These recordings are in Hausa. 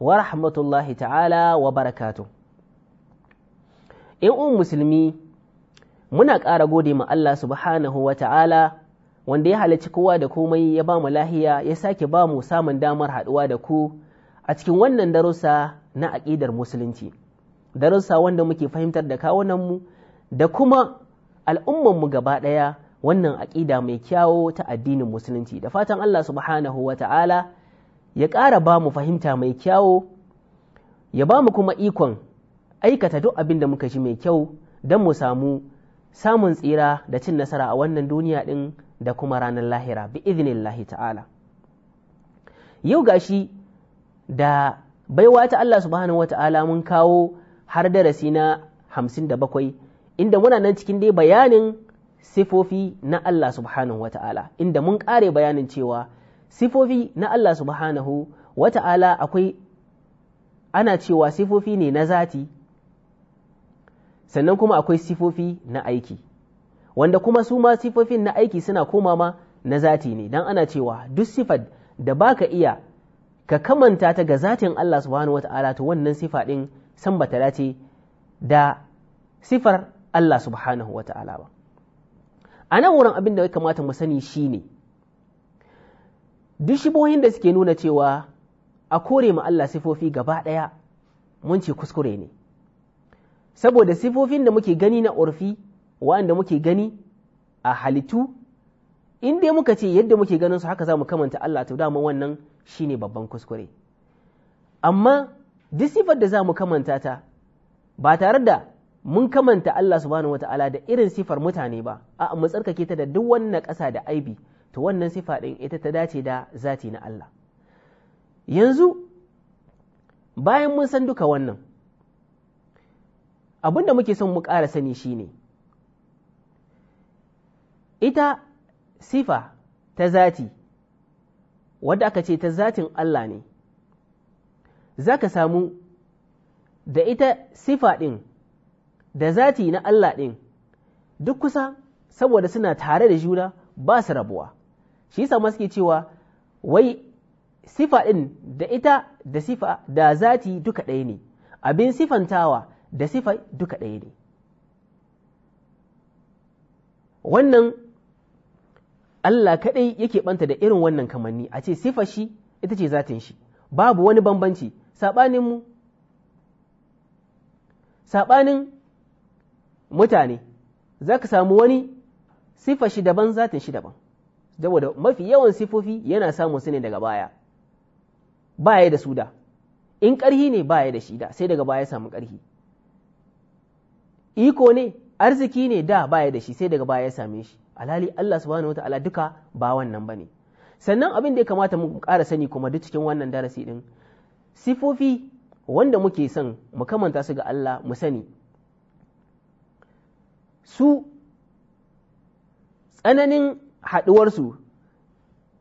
wa rahmatullahi ta'ala wa barakatu ‘Yan'un musulmi muna ƙara gode ma Allah subhanahu wa ta'ala wanda ya halarci kowa da komai ya ba mu lahiya ya sake ba mu samun damar haɗuwa da ku a cikin wannan darussa na aƙidar musulunci darussa wanda muke fahimtar da kawunanmu da kuma mu gaba ɗaya wannan aƙida mai kyawo ta addinin musulunci da fatan Allah subhanahu wa ta'ala ya ƙara ba mu fahimta mai kyawo ya ba mu kuma ikon aikata duk abin da muka ji mai kyau don mu samu samun tsira da cin nasara a wannan duniya ɗin da kuma ranar lahira bi iznillahi ta'ala yau gashi da baiwa ta Allah subhanahu wa ta'ala mun kawo har darasi na hamsin da bakwai inda muna nan cikin dai bayanin sifofi na Allah subhanahu wa ta'ala inda mun ƙare bayanin cewa sifofi na Allah subhanahu wa ta'ala akwai ana cewa sifofi ne na zati sannan kuma akwai sifofi na aiki wanda kuma su ma sifofin na aiki suna koma ma na zati ne don ana cewa duk sifar da baka iya ka kamanta ta ga zatin Allah subhanahu wata'ala to wannan sifa ɗin san bata dace da sifar Allah subhanahu wata'ala ba a nan wurin abin da ya kamata mu sani shine duk shibohin da suke nuna cewa a kore ma Allah sifofi gaba ɗaya mun ce kuskure ne saboda sifofin da muke gani na orfi, wa'anda muke gani a halittu in dai muka ce yadda muke ganin su haka za mu kamanta Allah to dama wannan shine babban kuskure amma duk sifar da za mu kamanta ta ba tare da mun kamanta Allah subhanahu wata'ala da irin sifar mutane ba a mu tsarkake ta da duk wannan ƙasa da aibi to wannan sifa ɗin ita ta dace da zati na Allah yanzu bayan mun san duka wannan abin da muke son mu ƙara sani shine ita sifa ta zati wadda aka ce ta zatin Allah ne zaka samu da ita sifa ɗin da zati na Allah ɗin duk kusa saboda suna tare da juna ba su rabuwa shi sa ma suke cewa wai sifa ɗin da ita da sifa da zati duka ɗaya ne abin sifantawa da sifa duka ɗaya ne wannan Allah kaɗai yake ɓanta da irin wannan kamanni a ce sifa shi ita ce zatin shi babu wani bambanci saɓaninmu saɓanin mutane za ka samu wani sifa shi daban zatin shi daban saboda mafi yawan sifofi yana samun su ne daga baya baya da su da in ƙarhi ne baya da shi da sai daga baya samu ƙarhi iko ne arziki ne da baya da shi sai daga baya ya same shi alhali Allah subhanahu ta'ala duka ba wannan bane sannan abin da ya kamata mu ƙara sani kuma duk cikin wannan darasi din sifofi wanda muke son mu kamanta su ga Allah mu sani su tsananin haɗuwarsu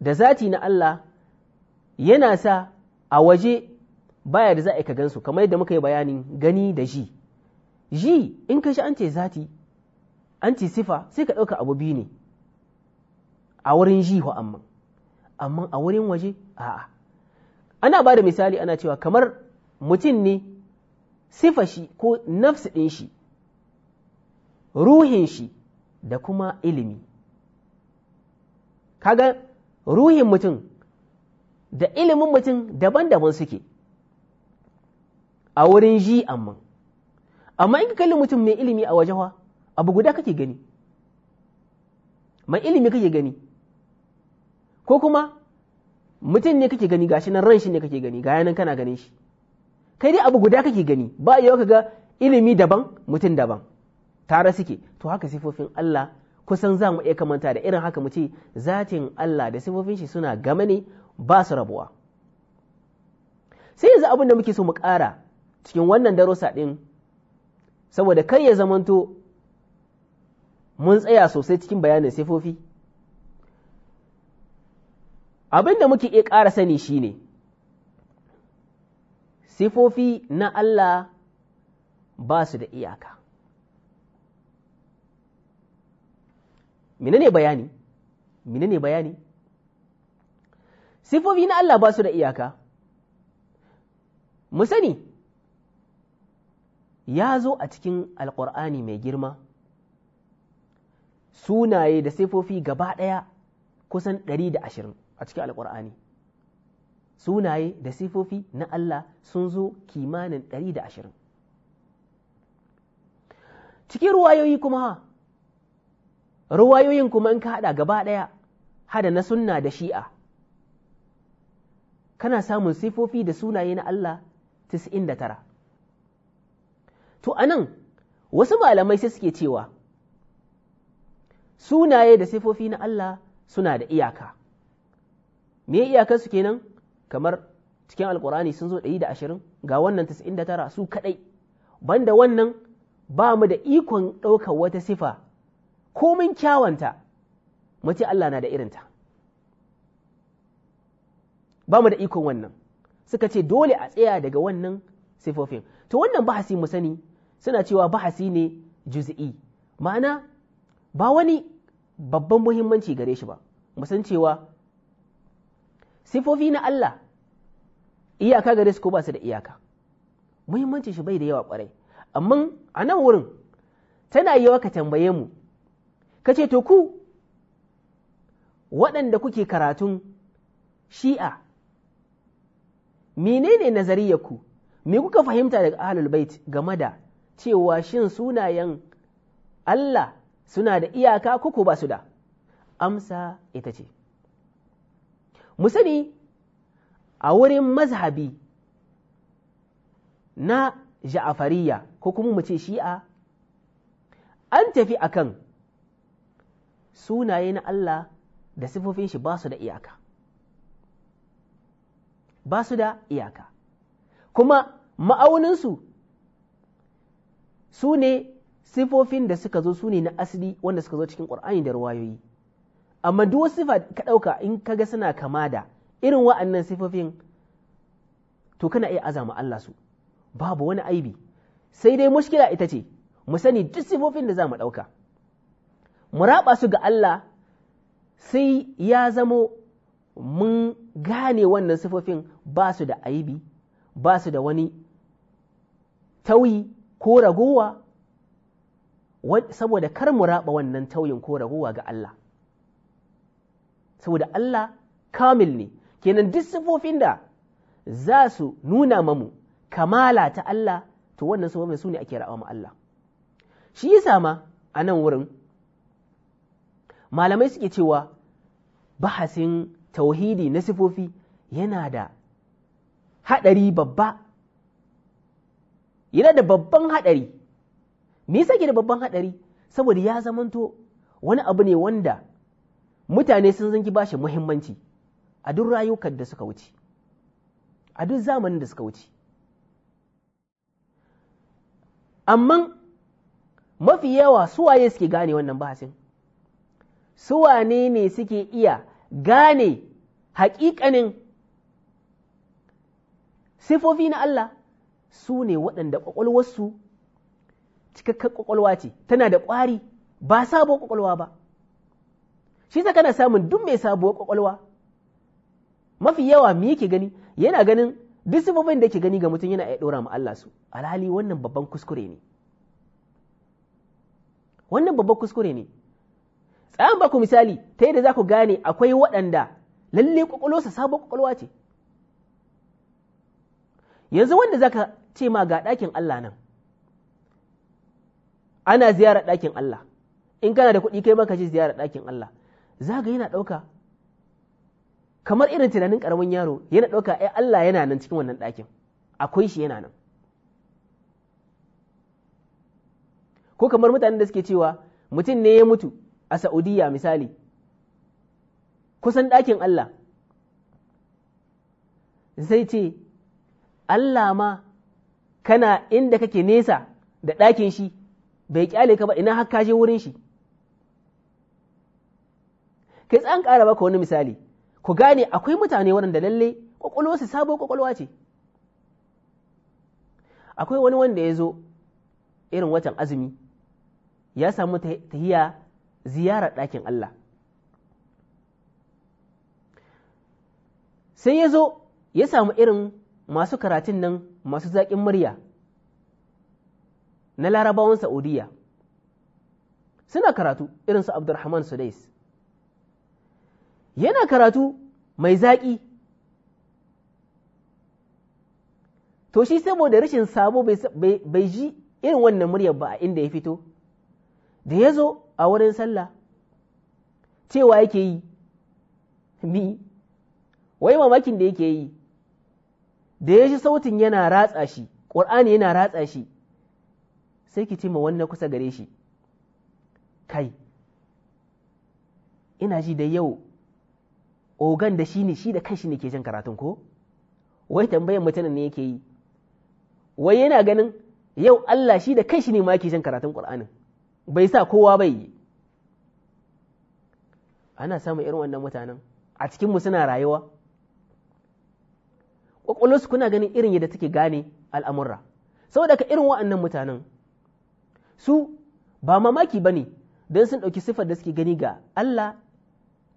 da zati na Allah yana sa a waje baya da za a yi ka gansu kamar yadda muka yi bayanin gani da ji ji in ka shi an ce zati an ce sifa sai ka ɗauka abu biyu ne a wurin ji wa amma amma a wurin waje a'a ana ba da misali ana cewa kamar mutum ne sifa shi ko nafsi ɗin shi ruhin shi da kuma ilimi kaga ruhin mutum da ilimin mutum daban-daban suke a wurin ji amma amma in ka kalli mutum mai ilimi a wajewa abu guda kake gani mai ilimi kake gani ko kuma mutum ne kake gani gashi nan ran shi ne kake gani ga nan kana ganin shi kai dai abu guda kake gani ba yau ka ga ilimi daban mutum daban tare suke to haka sifofin Allah kusan za mu iya kamanta da irin haka mu ce zatin Allah da sifofin shi suna game ne ba su rabuwa sai yanzu abin da muke so mu ƙara cikin wannan darussa ɗin saboda kai ya zamanto mun tsaya sosai cikin bayanin sifofi abin da muke iya ƙara sani shine sifofi na Allah ba su da iyaka menene bayani menene bayani sifofi na Allah ba su da iyaka mu sani ya zo a cikin alkur'ani mai girma sunaye da sifofi gaba ɗaya kusan 120 a cikin alkur'ani sunaye da sifofi na Allah sun zo kimanin 120 cikin ruwayoyi kuma ruwayoyin kuma in ka haɗa gaba ɗaya hada na sunna da shi'a kana samun sifofi da sunaye na Allah 99 to anan wasu malamai sai suke cewa sunaye da sifofi na Allah suna da iyaka me iyakar su kenan kamar cikin alkurani sun zo 120 ga wannan 99 su kadai banda wannan ba mu da ikon ɗaukar wata sifa komin kyawanta mace Allah na da irinta ba mu da ikon wannan suka ce dole a tsaya daga wannan sifofin to wannan bahasi mu sani suna cewa bahasi ne juz'i ma'ana ba wani babban muhimmanci gare shi ba mu san cewa sifofi na Allah iyaka gare su ko ba su da iyaka Muhimmanci shi bai da yawa kwarai amma a nan wurin tana yawa ka tambaye mu ka ce to ku waɗanda kuke karatun shi'a menene nazariyarku me kuka fahimta daga ahlul bait game da cewa shin sunayen Allah suna da iyaka kuku ba su da amsa ita ce mu sani a wurin mazhabi na ja'afariya ko kuma mu ce shi'a an tafi akan sunaye na Allah da sifofin shi ba su da iyaka ba su da iyaka kuma ma'auninsu su ne sifofin da suka zo su ne na asali wanda suka zo cikin ƙur'ani da ruwayoyi amma duk wasu sifa ka ɗauka in ka ga suna kama da irin wa'annan sifofin to kana iya azama Allah su babu wani aibi sai dai mushkila ita ce mu sani duk sifofin da za mu ɗauka mu raba su ga Allah sai ya zamo mun gane wannan sifofin ba su da aibi ba su da wani tauyi ko ragowa saboda kar mu raba wannan tauyin ko ragowa ga Allah saboda Allah kamil ne kenan duk sifofin da za su nuna mamu kamala ta Allah to wannan sifofin su ne ake raba ma Allah shi yasa ma a nan wurin malamai suke cewa bahasin tauhidi na sifofi yana da haɗari babba yana da babban haɗari me yasa ke da babban haɗari saboda ya zamanto wani abu ne wanda mutane sun zanki bashi muhimmanci a duk rayukan da suka wuce a duk zamanin da suka wuce amma mafi yawa suwaye suke gane wannan bahasin su wane ne suke iya gane haƙiƙanin sifofi na Allah su ne waɗanda ƙwaƙwalwarsu cikakkar ƙwaƙwalwa ce tana da ƙwari ba sabuwar ƙwaƙwalwa ba shi ta kana samun duk mai sabuwar ƙwaƙwalwa mafi yawa mu yake gani yana ganin duk sifofin da yake gani ga mutum yana iya ɗora ma Allah su alhali wannan babban kuskure ne wannan babban kuskure ne tsayan ba ku misali ta yadda za ku gane akwai waɗanda lalle ƙwaƙwalwarsa sabon ƙwaƙwalwa ce yanzu wanda za ka ce ma ga ɗakin Allah nan ana ziyarar ɗakin Allah in kana da kuɗi kai ma ka je ziyarar ɗakin Allah za ga yana ɗauka kamar irin tunanin ƙaramin yaro yana ɗauka ai Allah yana nan cikin wannan ɗakin akwai shi yana nan ko kamar mutanen da suke cewa mutum ne ya mutu a Saudiyya misali, kusan ɗakin Allah, sai ce, Allah ma kana inda kake nesa da ɗakin shi bai ƙyale ka ba ina har je wurin shi. Kai tsan ƙara baka wani misali, ku gane akwai mutane waɗanda lalle ƙwaƙwalwa su sabo ƙwaƙwalwa ce. Akwai wani wanda ya zo irin watan azumi, ya samu tahiya ziyarar ɗakin Allah sai ya zo ya samu irin masu karatun nan masu zaƙin murya na larabawan Saudiya suna karatu irin su Abdurrahman Sudais yana karatu mai zaƙi to shi saboda rashin sabo bai ji irin wannan muryar ba a inda ya fito da ya zo a wurin sallah cewa yake yi mi wai mamakin da yake yi da ya shi sautin yana ratsa shi ƙur'ani yana ratsa shi sai ki ce ma wannan kusa gare shi kai ina ji da yau ogan da shi ne shi da kanshi ne ke jan karatun ko wai tambayan mutanen ne yake yi wai yana ganin yau Allah shi da kanshi ne ma ke jan karatun ƙwar'anin bai sa kowa bai yi ana samun irin wannan mutanen a cikinmu suna rayuwa ƙwaƙwalwarsu kuna ganin irin yadda take gane al'amurra saboda ka irin wa'annan mutanen su ba mamaki ba ne don sun ɗauki siffar da suke gani ga Allah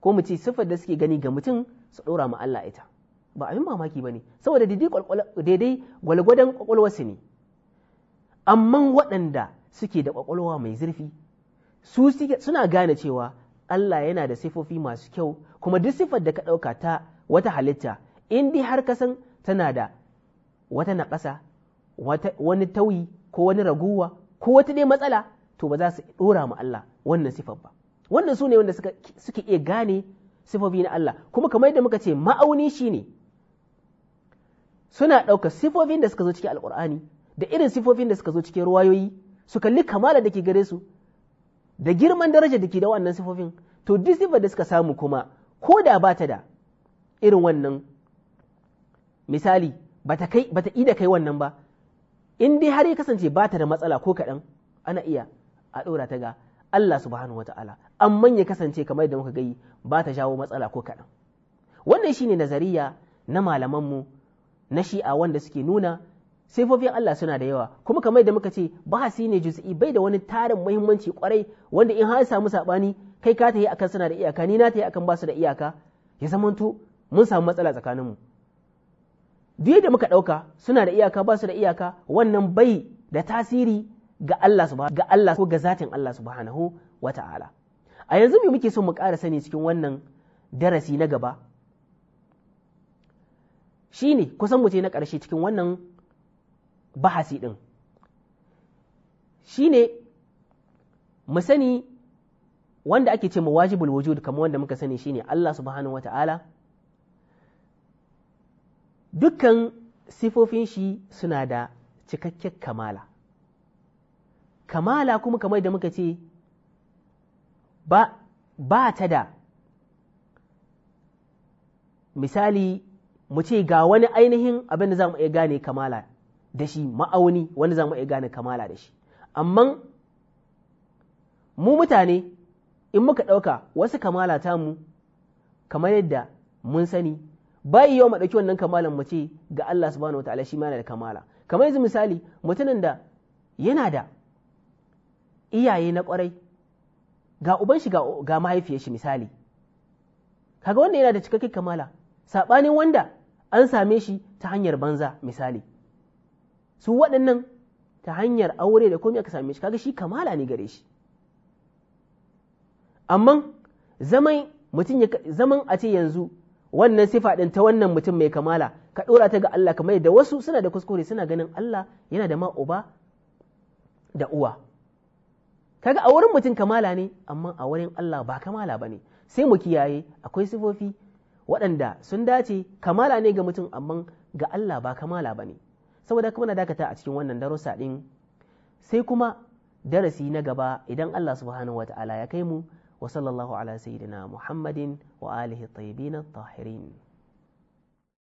ko mu ce siffar da suke gani ga mutum su ɗora ma Allah ita ba abin mamaki ba ne saboda daidai gwalgwadon ƙwaƙwalwarsu ne Amman waɗanda suke da kwakwalwa mai zurfi su suna gane cewa Allah yana da sifofi masu kyau kuma duk sifar da ka ɗauka ta wata halitta in dai har ka san tana da wata naƙasa wani tauyi ko wani raguwa ko wata dai matsala to ba za su ɗora ma Allah wannan sifar ba wannan su ne wanda suke iya gane sifofi na Allah kuma kamar yadda muka ce ma'auni shine suna ɗauka sifofin da suka zo cikin alƙur'ani da irin sifofin da suka zo cikin ruwayoyi su kalli kamala da ke gare su da girman daraja da ke da wannan sifofin to duk sifar da suka samu kuma ko da ba ta da irin wannan misali ba ta da kai wannan ba in dai har ya kasance ba ta da matsala ko kaɗan ana iya a ɗora ta ga Allah subhanahu wa ta'ala amma ya kasance kamar da muka gayi ba ta jawo matsala ko kaɗan wannan shine nazariya na malamanmu na shi'a wanda suke nuna sifofin Allah suna da yawa kuma kamar da muka ce ba bahasi ne juz'i bai da wani tarin muhimmanci kwarai wanda in har samu sabani kai ka tayi akan suna da iyaka ni na tayi akan basu da iyaka ya zamanto mun samu matsala tsakanin mu duk da muka dauka suna da iyaka basu da iyaka wannan bai da tasiri ga Allah subhanahu ga Allah ko ga zatin Allah subhanahu wata'ala a yanzu me muke so mu ƙara sani cikin wannan darasi na gaba shine kusan mu ce na ƙarshe cikin wannan bahasi ɗin shi ne mu wanda ake ce wajibul wujud kamar wanda muka sani shine Allah subhanahu wata'ala dukkan sifofin shi suna da cikakken kamala kamala kuma kamar da muka ce ba, ba ta da misali mu ce ga wani ainihin abin da za mu iya gane kamala da shi ma'auni wani za mu iya gane kamala da shi amma mu mutane in muka ɗauka wasu kamala ta mu kamar yadda mun sani bai yau mu ɗauki wannan kamalan mu ce ga Allah subhanahu wa ta'ala shi ma yana da kamala kamar yanzu misali mutumin da yana da iyaye na kwarai ga uban shi ga mahaifiyar shi misali kaga wanda yana da cikakken kamala saɓanin wanda an same shi ta hanyar banza misali su waɗannan ta hanyar aure da komai aka same shi kaga shi kamala ne gare shi amma zaman mutum ya zaman a ce yanzu wannan sifa ɗin ta wannan mutum mai kamala ka ɗora ta ga Allah kamar da wasu suna da kuskure suna ganin Allah yana da ma uba da uwa kaga a wurin mutum kamala ne amma a wurin Allah ba kamala ba sai mu kiyaye akwai sifofi waɗanda sun dace kamala ne ga mutum amma ga Allah ba kamala bane saboda kuma na dakata a cikin wannan darussa din sai kuma darasi na gaba idan Allah subhanahu wata'ala ya kai mu wa sallallahu ala sayyidina Muhammadin wa alihi tayyibin at-tahirin